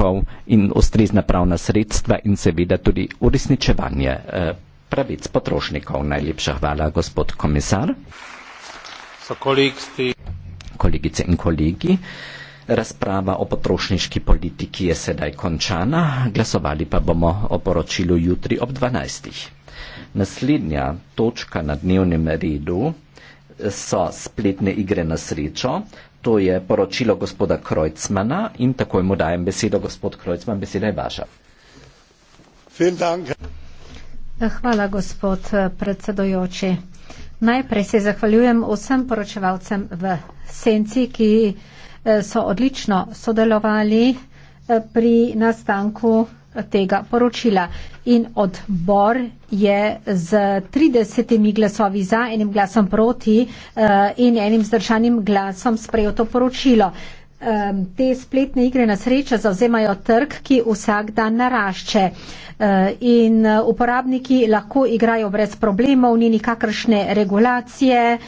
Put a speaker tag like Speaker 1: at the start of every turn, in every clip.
Speaker 1: jezikov in ustrezna pravna sredstva in seveda tudi uresničevanje eh, pravic potrošnikov. Najlepša hvala, gospod komisar. Kolegice in kolegi, razprava o potrošniški politiki je sedaj končana, glasovali pa bomo o poročilu jutri ob 12. Naslednja točka na dnevnem redu so spletne igre na srečo, To je poročilo gospoda Krojcmana in takoj mu dajem besedo. Gospod Krojcman, beseda je vaša.
Speaker 2: Hvala, gospod predsedojoči. Najprej se zahvaljujem vsem poročevalcem v Senci, ki eh, so odlično sodelovali eh, pri nastanku tega poročila. In odbor je z 30 glasovi za, enim glasom proti eh, in enim zdržanim glasom sprejel to poročilo. Te spletne igre na srečo zauzemajo trg, ki vsak dan narašče eh, in eh, uporabniki lahko igrajo brez problemov, ni nikakršne regulacije.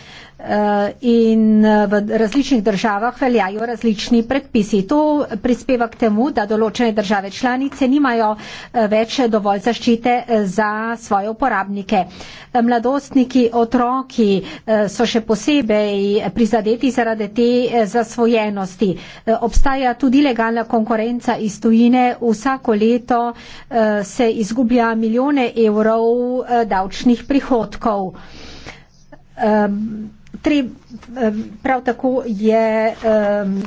Speaker 2: Eh, in eh, v različnih državah veljajo različni predpisi. To prispeva k temu, da določene države članice nimajo eh, več dovolj zaščite za svoje uporabnike. Mladostniki, otroki so še posebej prizadeti zaradi te zasvojenosti. Obstaja tudi legalna konkurenca iz tujine. Vsako leto se izgublja milijone evrov davčnih prihodkov treb, eh, prav tako je um,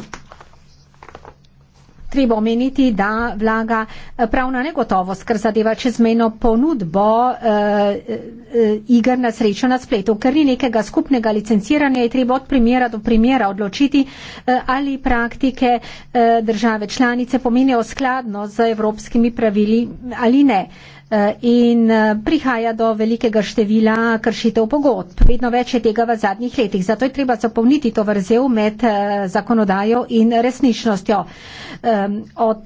Speaker 2: treba omeniti, da vlaga eh, pravna negotovost, ker zadeva čezmejno ponudbo uh, eh, uh, igr na srečo na spletu, ker ni nekega skupnega licenciranja, je treba od primera do primera odločiti, uh, ali praktike uh, države članice pomenijo skladno z evropskimi pravili ali ne. Uh, Eh, in eh, prihaja do velikega števila kršitev pogodb. Vedno več je tega v zadnjih letih. Zato je treba zapolniti to vrzel med eh, zakonodajo in resničnostjo. Od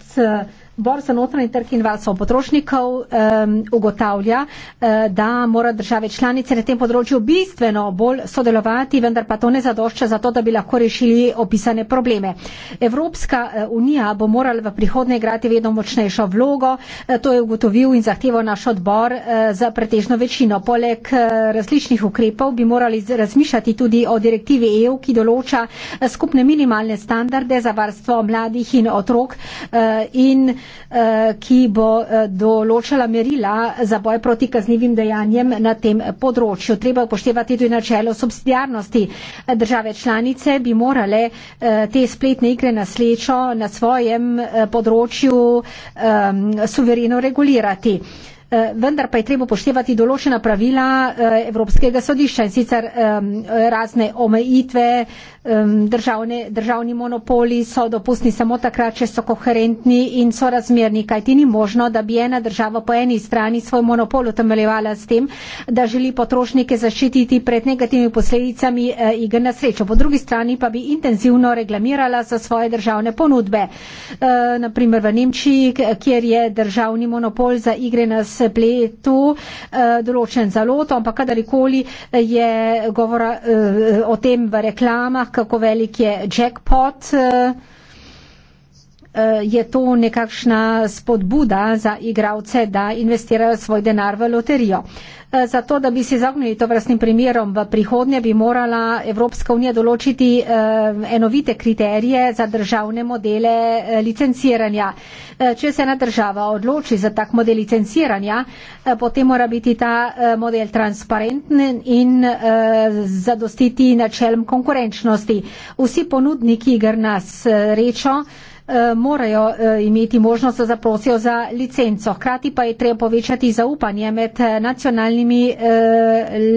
Speaker 2: Bor za notranje trg in varstvo potrošnikov um, ugotavlja, uh, da mora države članice na tem področju bistveno bolj sodelovati, vendar pa to ne zadošča za to, da bi lahko rešili opisane probleme. Evropska eh, unija bo morala v prihodnje igrati vedno močnejšo vlogo, uh, to je ugotovil in zahteval naš odbor uh, za pretežno večino. Poleg uh, različnih ukrepov bi morali razmišljati tudi o direktivi EU, ki določa uh, skupne minimalne standarde za varstvo mladih in otrok. Uh, in Eh, ki bo eh, določala merila za boj proti kaznivim dejanjem na tem področju. Treba upoštevati tudi načelo subsidijarnosti. Države članice bi morale eh, te spletne igre na slečo na svojem področju suvereno regulirati. Vendar pa je treba poštevati določena pravila Evropskega sodišča in sicer razne omejitve, Državne, državni monopoli so dopustni samo takrat, če so koherentni in so razmerni, kaj ti ni možno, da bi ena država po eni strani svoj monopol utemeljevala s tem, da želi potrošnike zaščititi pred negativnimi posledicami e, igre na srečo. Po drugi strani pa bi intenzivno reklamirala za svoje državne ponudbe. E, naprimer v Nemčiji, kjer je državni monopol za igre na spletu e, določen zaloto, ampak kadarkoli je govora e, o tem v reklamah, kako velik je jackpot. Uh, Eh, je to nekakšna spodbuda za igravce, da investirajo svoj denar v loterijo. Eh, zato, da bi se zagnili to vrstnim primerom, v prihodnje bi morala Evropska unija določiti eh, enovite kriterije za državne modele licenciranja. Če se ena država odloči za tak model licenciranja, potem mora biti ta model transparenten in zadostiti načelom konkurenčnosti. Vsi ponudniki, kar nas rečo, Eh, morajo eh, imeti možnost, da zaprosijo za licenco. Hkrati pa je treba povečati zaupanje med eh, nacionalnimi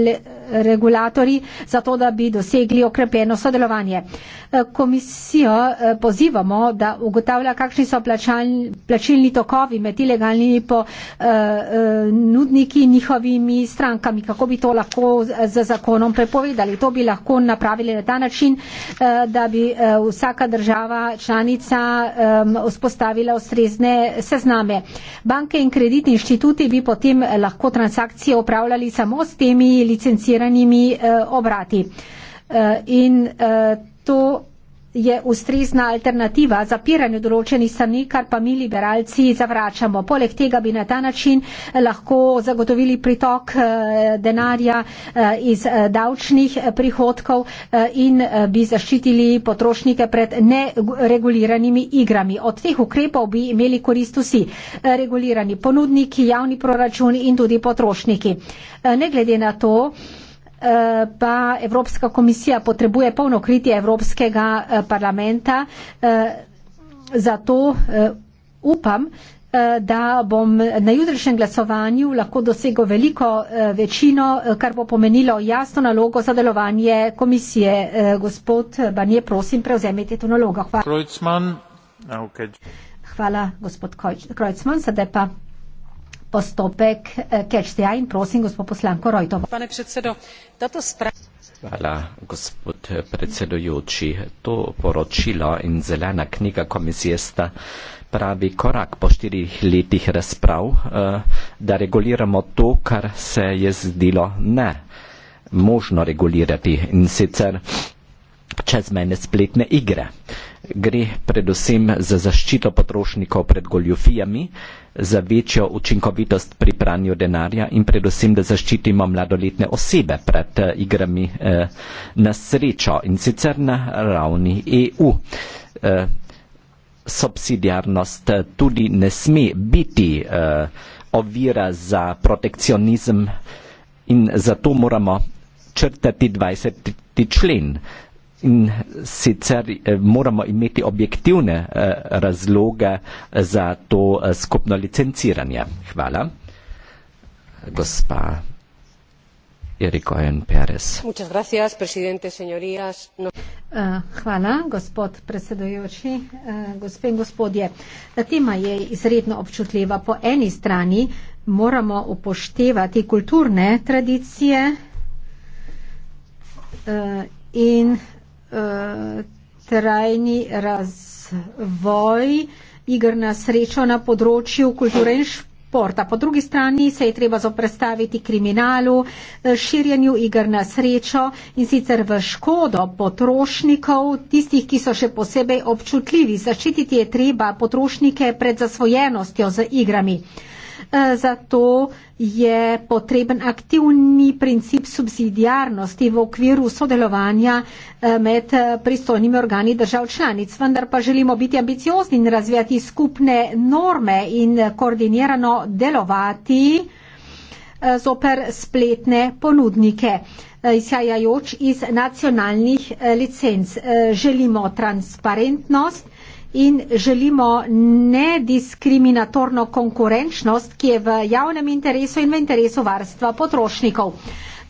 Speaker 2: le, regulatorji, zato da bi dosegli okrepeno sodelovanje. E, komisijo e, pozivamo, da ugotavlja, kakšni so plačilni tokovi med ilegalnimi ponudniki e, in njihovimi strankami, kako bi to lahko z zakonom prepovedali. To bi lahko napravili na ta način, da bi vsaka država članica vzpostavila ustrezne sezname. Banke in kreditni inštituti bi potem lahko transakcije upravljali samo s temi licencirani organiziranimi eh, obrati. Eh, in eh, to je ustrezna alternativa zapiranju določenih strani, kar pa mi liberalci zavračamo. Poleg tega bi na ta način lahko zagotovili pritok eh, denarja eh, iz eh, davčnih prihodkov in bi zaščitili potrošnike pred nereguliranimi igrami. Od teh ukrepov bi imeli korist vsi regulirani ponudniki, javni proračuni in tudi potrošniki. Ne glede na to, pa Evropska komisija potrebuje polno kritje Evropskega eh, parlamenta. Eh, zato eh, upam, da bom na jutrišnjem glasovanju lahko dosegel veliko večino, kar bo pomenilo jasno nalogo za delovanje komisije. Gospod Banje, prosim, prevzemite to nalogo. Hvala.
Speaker 1: Kreutzmann. Ja, okay.
Speaker 2: Hvala, gospod Krojcman. Sedaj pa postopek eh, Catch the Eye in prosim gospod poslanko Rojtovo. Pane predsedo, tato sprašanje.
Speaker 1: Hvala, gospod predsedujoči. To poročilo in zelena knjiga komisije sta pravi korak po štirih letih razprav, eh, da reguliramo to, kar se je zdelo ne možno regulirati in sicer čezmejne spletne igre gre predvsem za zaščito potrošnikov pred goljufijami, za večjo učinkovitost pri pranju denarja in predvsem, da zaščitimo mladoletne osebe pred uh, igrami uh, na srečo in sicer na ravni EU. Uh, eh, subsidiarnost tudi ne sme biti uh, ovira za protekcionizem in zato moramo črtati 20. člen uh, In sicer eh, moramo imeti objektivne eh, razloge eh, za to skupno licenciranje. Hvala. Gospa Eriko N. Perez.
Speaker 3: No-
Speaker 2: hvala, gospod predsedujoči, gospe in gospodje. Ta tema je izredno občutljiva. Po eni strani moramo upoštevati kulturne tradicije in Eh, trajni razvoj igr na srečo na področju kulture in športa. Po drugi strani se je treba zoprestaviti kriminalu, eh, širjenju igr na srečo in sicer v škodo potrošnikov, tistih, ki so še posebej občutljivi. Zaščititi je treba potrošnike pred zasvojenostjo z igrami. Eh, zato je potreben aktivni princip subsidijarnosti v okviru sodelovanja eh, med eh, pristojnimi organi držav članic. Vendar pa želimo biti ambiciozni in razvijati skupne norme in koordinirano delovati zoper spletne ponudnike, izhajajoč iz nacionalnih licenc. Želimo transparentnost in želimo nediskriminatorno konkurenčnost, ki je v javnem interesu in v interesu varstva potrošnikov.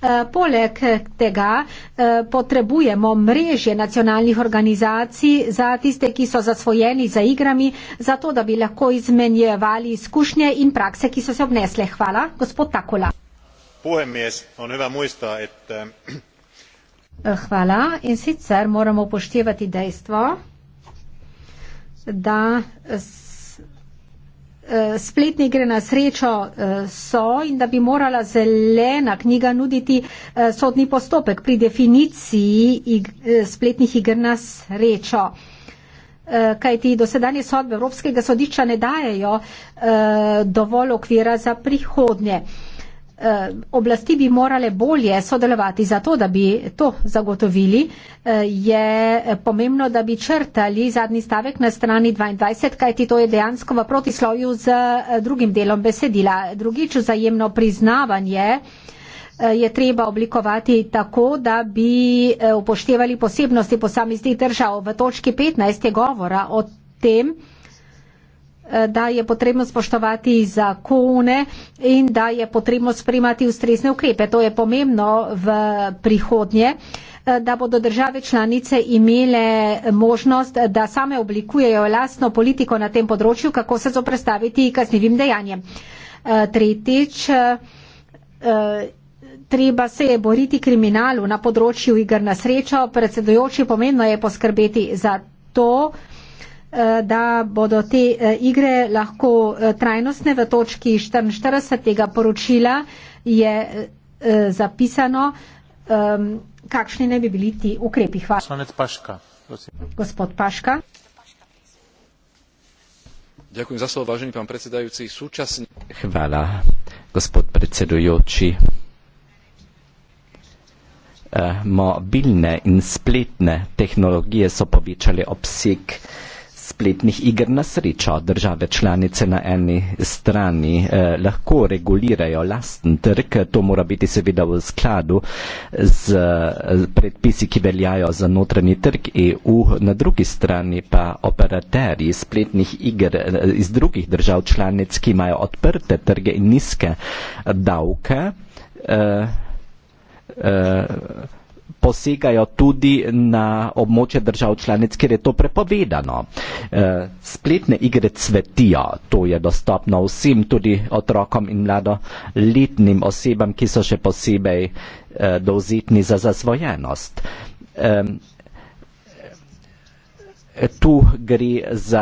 Speaker 2: Eh, poleg tega eh, potrebujemo mrežje nacionalnih organizacij za tiste, ki so zasvojeni za igrami, zato da bi lahko izmenjevali izkušnje in prakse, ki so se obnesle. Hvala, gospod Takola. Eh, hvala. In sicer moramo upoštevati dejstvo, da e, spletne igre na srečo e, so in da bi morala zelena knjiga nuditi e, sodni postopek pri definiciji spletnih igr na srečo. Kaj ti dosedanje sodbe Evropskega sodišča ne dajejo dovolj okvira za prihodnje. Eh, oblasti bi morale bolje sodelovati za to, da bi to zagotovili, eh, je pomembno, da bi črtali zadnji stavek na strani 22, kajti to je dejansko v protisloju z eh, drugim delom besedila. Drugič, vzajemno priznavanje je treba oblikovati tako, da bi upoštevali posebnosti posameznih držav. V točki 15 je govora o tem, da je potrebno spoštovati zakone in da je potrebno sprejmati ustrezne ukrepe. To je pomembno v prihodnje da bodo države članice imele možnost, da same oblikujejo lastno politiko na tem področju, kako se zoprestaviti kaznivim dejanjem. E, tretjič, e, treba se je boriti kriminalu na področju igr na srečo. Predsedujoči, pomembno je poskrbeti za to, Eh, da bodo te eh, igre lahko eh, trajnostne v točki 44. poročila je zapisano, ehm, kakšni ne bi bili ti ukrepi. Hvala.
Speaker 1: Poslanec Paška. Prosim.
Speaker 2: Gospod Paška. Ďakujem za slovo,
Speaker 1: vážený pán predsedajúci. Súčasne... Chvala, gospod predsedujúci. Mobilne in spletne tehnologije so povečali obseg spletnih igr na srečo. Države članice na eni strani eh, lahko regulirajo lasten trg, to mora biti seveda v skladu z eh, predpisi, ki veljajo za notranji trg EU, na drugi strani pa operaterji spletnih igr eh, iz drugih držav članic, ki imajo odprte trge in nizke davke. Eh, eh, posegajo tudi na območje držav članic, kjer je to prepovedano. Eh, spletne igre cvetijo, to je dostopno vsem, tudi otrokom in mladoletnim osebam, ki so še posebej eh, dovzetni za zasvojenost. Tu gre za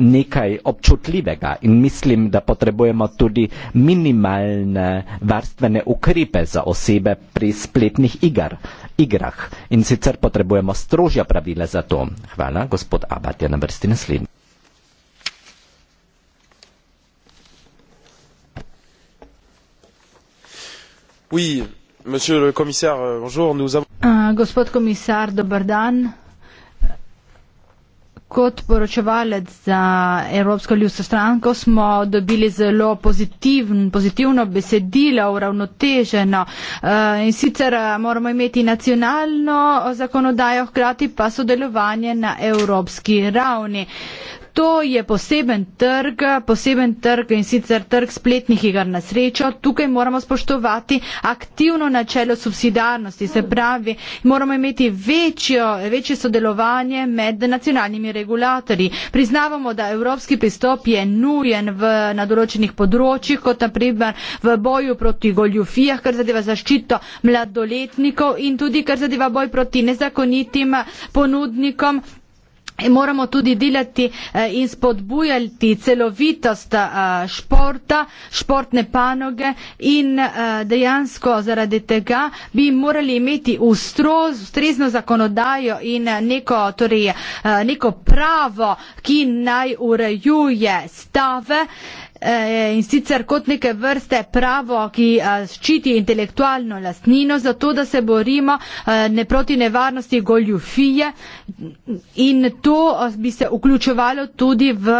Speaker 1: nekaj občutljivega in mislim, da potrebujemo tudi minimalne varstvene ukrepe za osebe pri spletnih igrah igrah. In sicer potrebujemo strožja pravila za to. Hvala, gospod Abad je na vrsti naslednji.
Speaker 3: Oui, monsieur le commissaire, euh, bonjour. Nous avons... uh, gospod komisar, dober dan kot poročevalec za Evropsko ljudsko stranko smo dobili zelo pozitivn, pozitivno besedilo, uravnoteženo. Eh, in sicer eh, moramo imeti nacionalno zakonodajo, hkrati pa sodelovanje na evropski ravni. To je poseben trg, poseben trg in sicer trg spletnih igr na srečo. Tukaj moramo spoštovati aktivno načelo subsidarnosti, se pravi, moramo imeti večjo, večje sodelovanje med nacionalnimi regulatorji. Priznavamo, da evropski pristop je nujen v, na določenih področjih, kot naprimer v boju proti goljufijah, kar zadeva zaščito mladoletnikov in tudi kar zadeva boj proti nezakonitim ponudnikom In e moramo tudi delati e, in spodbujati celovitost e, športa, športne panoge in dejansko zaradi tega bi morali imeti ustrezno zakonodajo in neko, torej, neko pravo, ki naj urejuje stave Eh, in sicer kot neke vrste pravo, ki eh, ščiti intelektualno lastnino, zato da se borimo eh, ne proti nevarnosti goljufije in to bi se vključevalo tudi v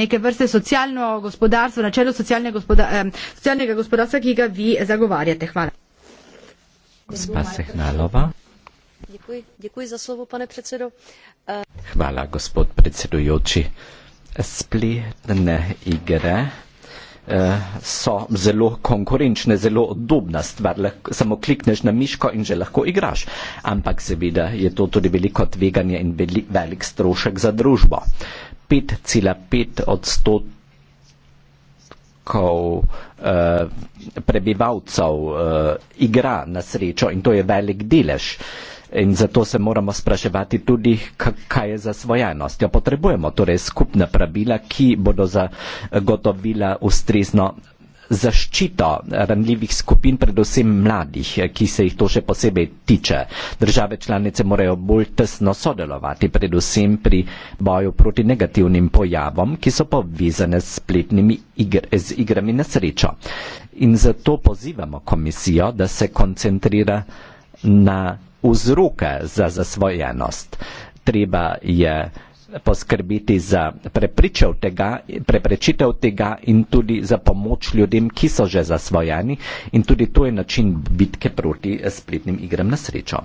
Speaker 3: neke vrste socialno gospodarstvo, načelo socialne gospoda, socialnega gospodarstva, ki ga vi zagovarjate.
Speaker 2: Hvala. Děkuji, děkuji za slovo, pane předsedo.
Speaker 1: Hvala, gospod predsedujoči spletne igre eh, so zelo konkurenčne, zelo udobna stvar. Lahko, samo klikneš na miško in že lahko igraš. Ampak seveda je to tudi veliko tveganje in velik, velik strošek za družbo. 5,5 odstotkov eh, prebivalcev eh, igra na srečo in to je velik delež. Eh, In zato se moramo spraševati tudi, kaj je za svojanost. Jo potrebujemo torej skupna pravila, ki bodo zagotovila ustrezno zaščito ranljivih skupin, predvsem mladih, ki se jih to še posebej tiče. Države članice morajo bolj tesno sodelovati, predvsem pri boju proti negativnim pojavom, ki so povezane s spletnimi igr, z igrami na srečo. In zato pozivamo komisijo, da se koncentrira na vzroke za zasvojenost. Treba je poskrbiti za tega, preprečitev tega in tudi za pomoč ljudem, ki so že zasvojeni in tudi to je način bitke proti spletnim igram na srečo.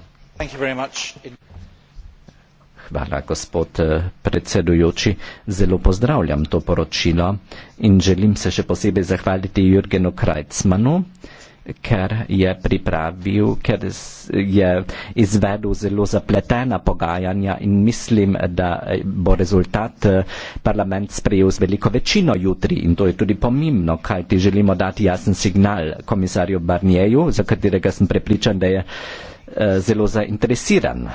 Speaker 1: Hvala, gospod eh, predsedujoči. Zelo pozdravljam to poročilo in želim se še posebej zahvaliti Jurgenu Krajcmanu ker je pripravil, ker je izvedel zelo zapletena pogajanja in mislim, da eh, bo rezultat eh, parlament sprejel z veliko večino jutri in to je tudi pomembno, kaj ti želimo dati jasen signal komisarju Barnieju, za katerega sem prepričan, da je eh, zelo zainteresiran.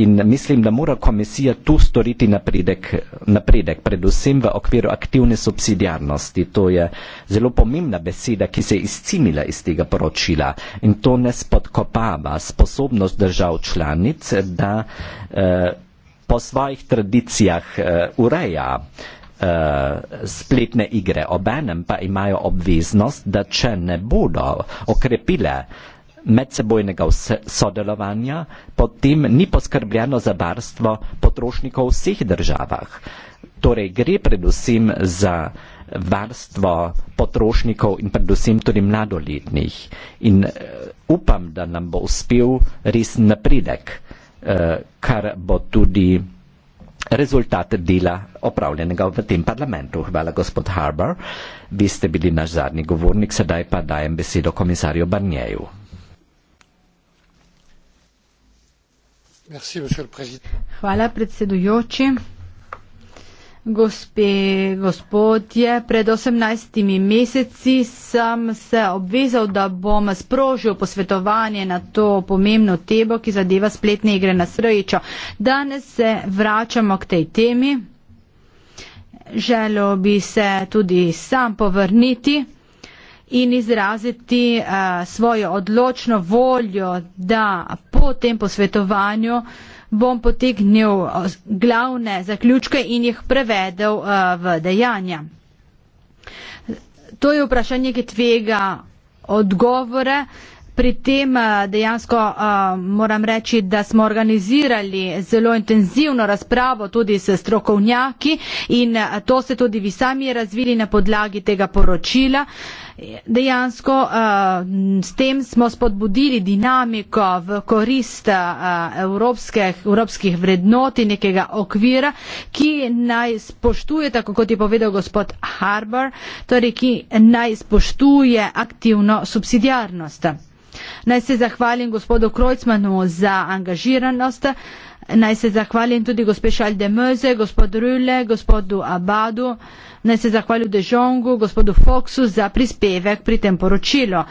Speaker 1: In mislim, da mora komisija tu storiti napredek, napredek, predvsem v okviru aktivne subsidijarnosti. To je zelo pomembna beseda, ki se je izcimila iz tega poročila in to ne spodkopava sposobnost držav članic, da eh, po svojih tradicijah eh, ureja eh, spletne igre. Obenem pa imajo obveznost, da če ne bodo okrepile medsebojnega sodelovanja, potem ni poskrbljeno za varstvo potrošnikov v vseh državah. Torej gre predvsem za varstvo potrošnikov in predvsem tudi mladoletnih. In uh, upam, da nam bo uspel res napredek, uh, kar bo tudi rezultat dela opravljenega v tem parlamentu. Hvala, gospod Harbour. Vi ste bili naš zadnji govornik, sedaj pa dajem besedo komisarju Barnjeju.
Speaker 3: Hvala predsedujoči. Gospe, gospodje, pred 18 meseci sem se obvezal, da bom sprožil posvetovanje na to pomembno tebo, ki zadeva spletne igre na srečo. Danes se vračamo k tej temi. Želel bi se tudi sam povrniti in izraziti uh, svojo odločno voljo, da po tem posvetovanju bom potegnil eh, glavne zaključke in jih prevedel uh, v dejanja. To je vprašanje, ki tvega odgovore. Uh, pri tem eh, dejansko eh, moram reči, da smo organizirali zelo intenzivno razpravo tudi s strokovnjaki in eh, to se tudi vi sami razvili na podlagi tega poročila. Dejansko s tem smo spodbudili dinamiko v korist evropskih, evropskih vrednot in nekega okvira, ki naj spoštuje, tako kot je povedal gospod Harbour, torej ki naj spoštuje aktivno subsidijarnost. Naj se zahvalim gospodu Krojcmanu za angažiranost, naj se zahvalim tudi gospe Šalde Möze, gospodu Rüle, gospodu Abadu, naj se zahvalim Dežongu, gospodu Foxu za prispevek pri tem poročilu.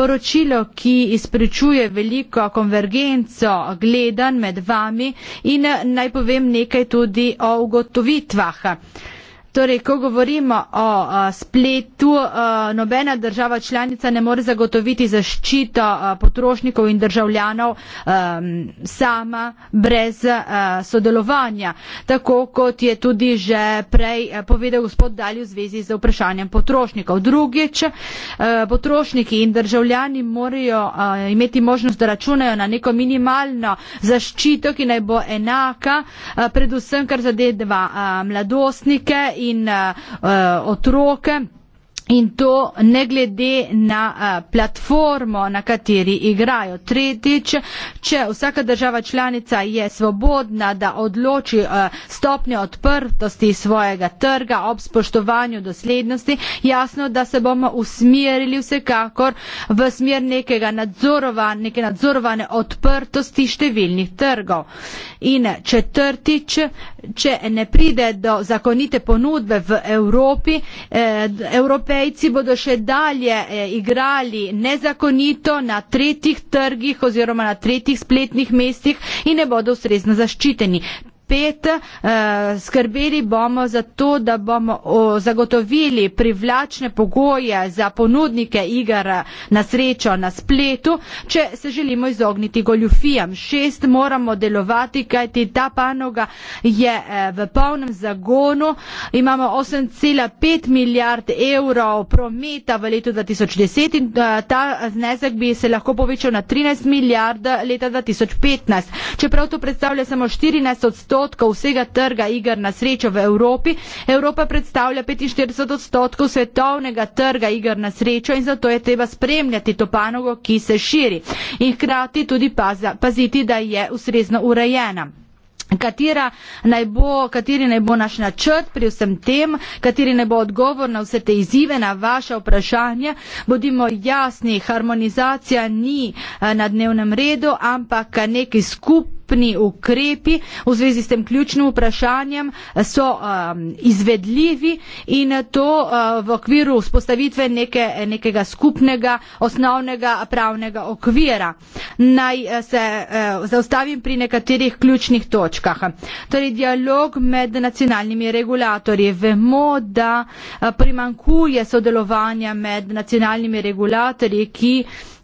Speaker 3: Poročilo, ki izpričuje veliko konvergenco gledanj med vami in naj povem nekaj tudi o ugotovitvah. Torej, ko govorimo o a, spletu, a, nobena država članica ne more zagotoviti zaščito a, potrošnikov in državljanov a, sama brez a, sodelovanja, tako kot je tudi že prej a, povedal gospod Dalj v zvezi z vprašanjem potrošnikov. Drugič, a, potrošniki in državljani morajo a, imeti možnost, da računajo na neko minimalno zaščito, ki naj bo enaka, a, predvsem kar zadeva mladostnike. In in uh, otroke. In to ne glede na a, platformo, na kateri igrajo. Tretjič, če vsaka država članica je svobodna, da odloči stopnjo odprtosti svojega trga ob spoštovanju doslednosti, jasno, da se bomo usmerili vsekakor v smer nekega nadzorovan, neke nadzorovane odprtosti številnih trgov. In četrtič, če ne pride do zakonite ponudbe v Evropi, e, Evrope Korejci bodo še dalje eh, igrali nezakonito na tretjih trgih oziroma na tretjih spletnih mestih in ne bodo ustrezno zaščiteni pet, eh, skrbeli bomo za to, da bomo zagotovili privlačne pogoje za ponudnike igr na srečo na spletu, če se želimo izogniti goljufijam. Šest moramo delovati, kajti ta panoga je eh, v polnem zagonu. Imamo 8,5 milijard evrov prometa v letu 2010 in eh, ta znesek bi se lahko povečal na 13 milijard leta 2015. Čeprav to predstavlja samo 14 odstotkov, odstotkov vsega trga igr na srečo v Evropi. Evropa predstavlja 45 odstotkov svetovnega trga igr na srečo in zato je treba spremljati to panogo, ki se širi in hkrati tudi paza, paziti, da je ustrezno urejena. Katera naj bo, kateri naj bo naš načrt pri vsem tem, kateri naj bo odgovor na vse te izzive, na vaše vprašanje, bodimo jasni, harmonizacija ni eh, na dnevnem redu, ampak nek skup skupni ukrepi v zvezi s tem ključnim vprašanjem so um, izvedljivi in to uh, v okviru vzpostavitve neke, nekega skupnega osnovnega pravnega okvira. Naj uh, se uh, zaustavim pri nekaterih ključnih točkah. Torej, dialog med nacionalnimi regulatorji. Vemo, da uh, primankuje sodelovanja med nacionalnimi regulatorji, ki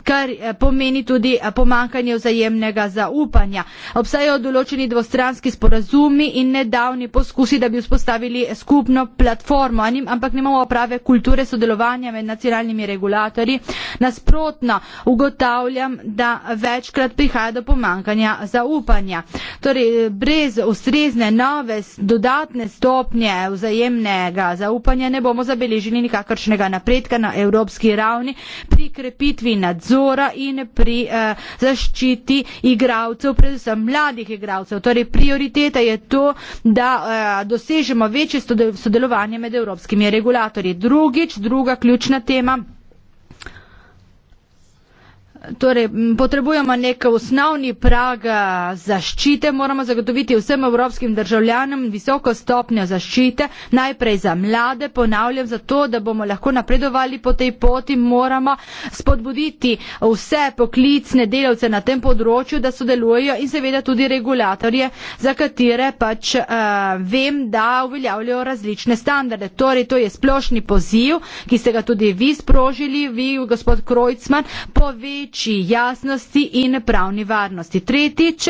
Speaker 3: kar eh, pomeni tudi eh, pomankanje vzajemnega zaupanja. Obstajajo določeni dvostranski sporazumi in nedavni poskusi, da bi vzpostavili skupno platformo, ampak nimamo prave kulture sodelovanja med nacionalnimi regulatorji. Nasprotno ugotavljam, da večkrat prihaja do pomankanja zaupanja. Torej, eh, brez ustrezne nove dodatne stopnje vzajemnega zaupanja ne bomo zabeležili nikakršnega napredka na evropski ravni pri krepitvi nadzora nadzora in pri eh, zaščiti igralcev, predvsem mladih igralcev. Torej, prioriteta je to, da eh, dosežemo večje sodelovanje med evropskimi regulatorji. Drugič, druga ključna tema. Torej, potrebujemo nek osnovni prag eh, zaščite, moramo zagotoviti vsem evropskim državljanom visoko stopnjo zaščite, najprej za mlade, ponavljam, zato da bomo lahko napredovali po tej poti, moramo spodbuditi vse poklicne delavce na tem področju, da sodelujejo in seveda tudi regulatorje, za katere pač uh, vem, da uveljavljajo različne standarde. Torej, to je splošni poziv, ki ste ga tudi vi sprožili, vi, gospod Krojcman, poveč veći jasnosti i nepravni varnosti. Tretjič,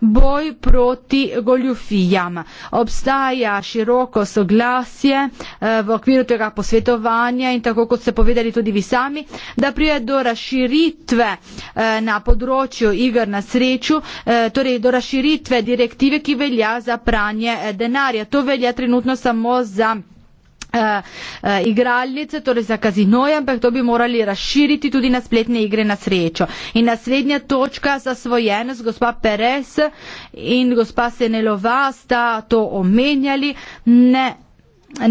Speaker 3: boj proti goljufijama. Obstaja široko soglasje eh, v okviru tega posvetovanja in tako kot ste povedali tudi vi sami, da prije do razširitve eh, na področju igr na sreču, eh, torej do razširitve direktive, ki velja za pranje denarja. To velja trenutno samo za Eh, eh, igralnice, torej za kazinoje, ampak to bi morali razširiti tudi na spletne igre na srečo. In naslednja točka za svojenost, gospa Peres in gospa Senelova sta to omenjali. Ne,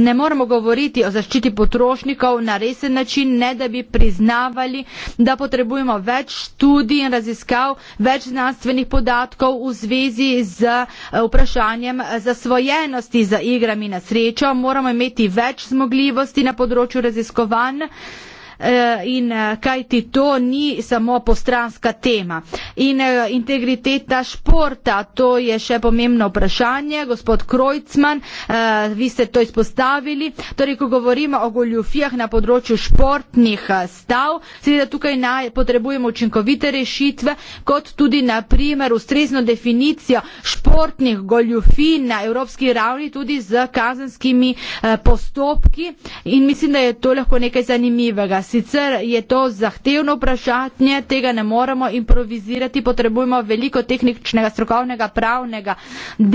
Speaker 3: ne moramo govoriti o zaščiti potrošnikov na resen način, ne da bi priznavali, da potrebujemo več študij in raziskav, več znanstvenih podatkov v zvezi z eh, vprašanjem zasvojenosti za igrami na srečo. Moramo imeti več zmogljivosti na področju raziskovanj. Eh, in eh, kajti to ni samo postranska tema. In eh, integriteta športa, to je še pomembno vprašanje. Gospod Krojcman, vi ste to izpostavili. Torej, ko govorimo o goljufijah na področju športnih stav, seveda tukaj naj, potrebujemo učinkovite rešitve, kot tudi na primer ustrezno definicijo športnih goljufij na evropski ravni tudi z kazenskimi postopki. In mislim, da je to lahko nekaj zanimivega sicer je to zahtevno vprašanje, tega ne moremo improvizirati, potrebujemo veliko tehničnega, strokovnega, pravnega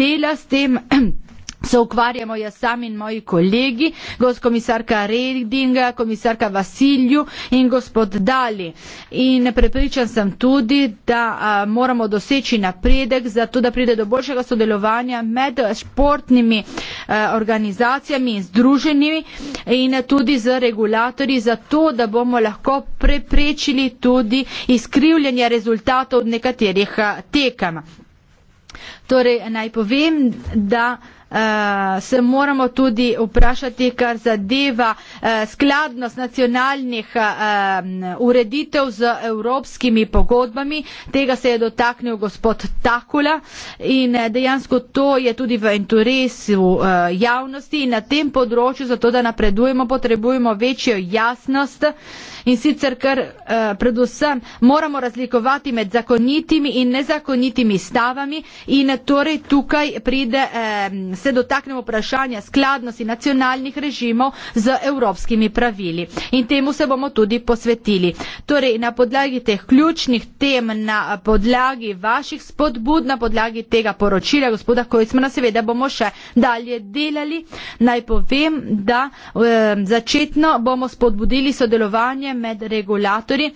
Speaker 3: dela s tem. se ukvarjamo jaz sam in moji kolegi, gospod komisarka Reding, komisarka Vasilju in gospod Dali. In prepričan sem tudi, da a, moramo doseči napredek, zato da pride do boljšega sodelovanja med športnimi a, organizacijami in združenimi in tudi z regulatorji, zato da bomo lahko preprečili tudi izkrivljanje rezultatov nekaterih tekem. Torej, naj povem, da Eh, se moramo tudi vprašati, kar zadeva eh, skladnost nacionalnih eh, ureditev z evropskimi pogodbami. Tega se je dotaknil gospod Takula in dejansko to je tudi v interesu javnosti in na tem področju, zato da napredujemo, potrebujemo večjo jasnost. In sicer, ker eh, predvsem moramo razlikovati med zakonitimi in nezakonitimi stavami in torej tukaj pride eh, se dotaknemo vprašanja skladnosti nacionalnih režimov z evropskimi pravili. In temu se bomo tudi posvetili. Torej, na podlagi teh ključnih tem, na podlagi vaših spodbud, na podlagi tega poročila gospoda Kojcmana, seveda bomo še dalje delali. Naj povem, da e, začetno bomo spodbudili sodelovanje med regulatorji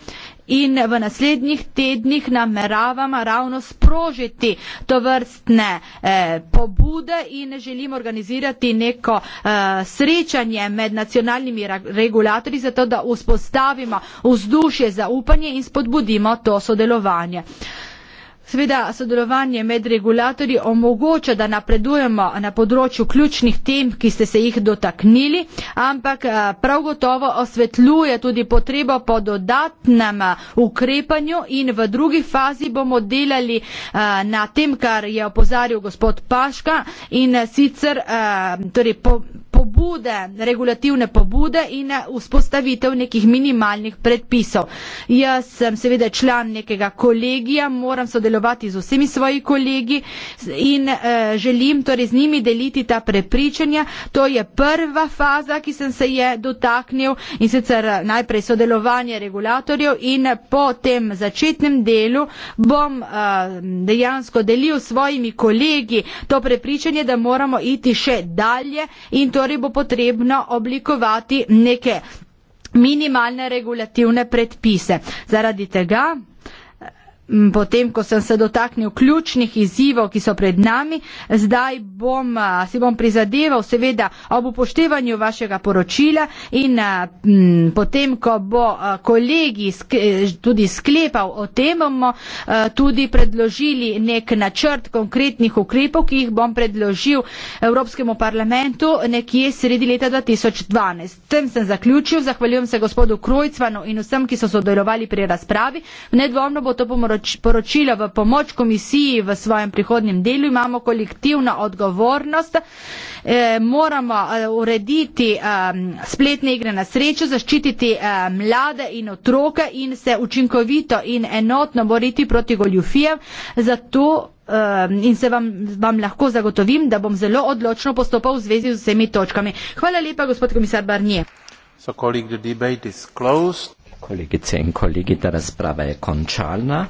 Speaker 3: in v naslednjih tednih nameravamo ravno sprožiti to vrstne eh, pobude in želimo organizirati neko eh, srečanje med nacionalnimi regulatorji, zato da vzpostavimo vzdušje zaupanje in spodbudimo to sodelovanje. Eh, Seveda sodelovanje med regulatorji omogoča, da napredujemo na področju ključnih tem, ki ste se jih dotaknili, ampak eh, prav gotovo osvetljuje tudi potrebo po dodatnem eh, ukrepanju in v drugi fazi bomo delali eh, na tem, kar je opozaril gospod Paška in sicer torej po, pobude, regulativne pobude in eh, vzpostavitev nekih minimalnih predpisov. Jaz sem seveda član nekega kolegija, moram sodelovati z vsemi svoji kolegi in eh, želim torej z njimi deliti ta prepričanja. To je prva faza, ki sem se je dotaknil in sicer eh, najprej sodelovanje regulatorjev in eh, po tem začetnem delu bom eh, dejansko delil s svojimi kolegi to prepričanje, da moramo iti še dalje in torej torej bo potrebno oblikovati neke minimalne regulativne predpise. Zaradi tega potem, ko sem se dotaknil ključnih izzivov, ki so pred nami, zdaj bom, si bom prizadeval seveda ob upoštevanju vašega poročila in m, potem, ko bo kolegi sk tudi sklepal o tem, bomo tudi predložili nek načrt konkretnih ukrepov, ki jih bom predložil Evropskemu parlamentu nekje sredi leta 2012. Tem sem zaključil, zahvaljujem se gospodu Krojcvanu in vsem, ki so sodelovali pri razpravi. Nedvomno bo to pomoč poroč, poročilo v pomoč komisiji v svojem prihodnjem delu, imamo kolektivno odgovornost, e, moramo eh, urediti e, spletne igre na srečo, zaščititi e, mlade in otroke in se učinkovito in enotno boriti proti goljufijev. Zato in se vam, vam lahko zagotovim, da bom zelo odločno postopal v zvezi z vsemi točkami. Hvala lepa, gospod komisar Barnier.
Speaker 1: So colleague, the debate is closed. Kolegice in kolegi, ta razprava je končalna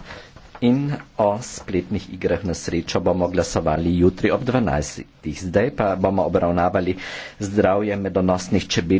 Speaker 1: in o spletnih igrah na srečo bomo glasovali jutri ob 12. Zdaj pa bomo obravnavali zdravje medonosnih čebel.